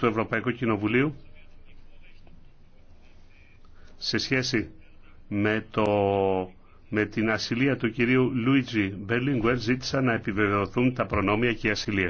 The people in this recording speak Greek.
του Ευρωπαϊκού Κοινοβουλίου σε σχέση με, το, με την ασυλία του κυρίου Λουίτζι Μπέρλιγκουερ ζήτησαν να επιβεβαιωθούν τα προνόμια και η ασυλία.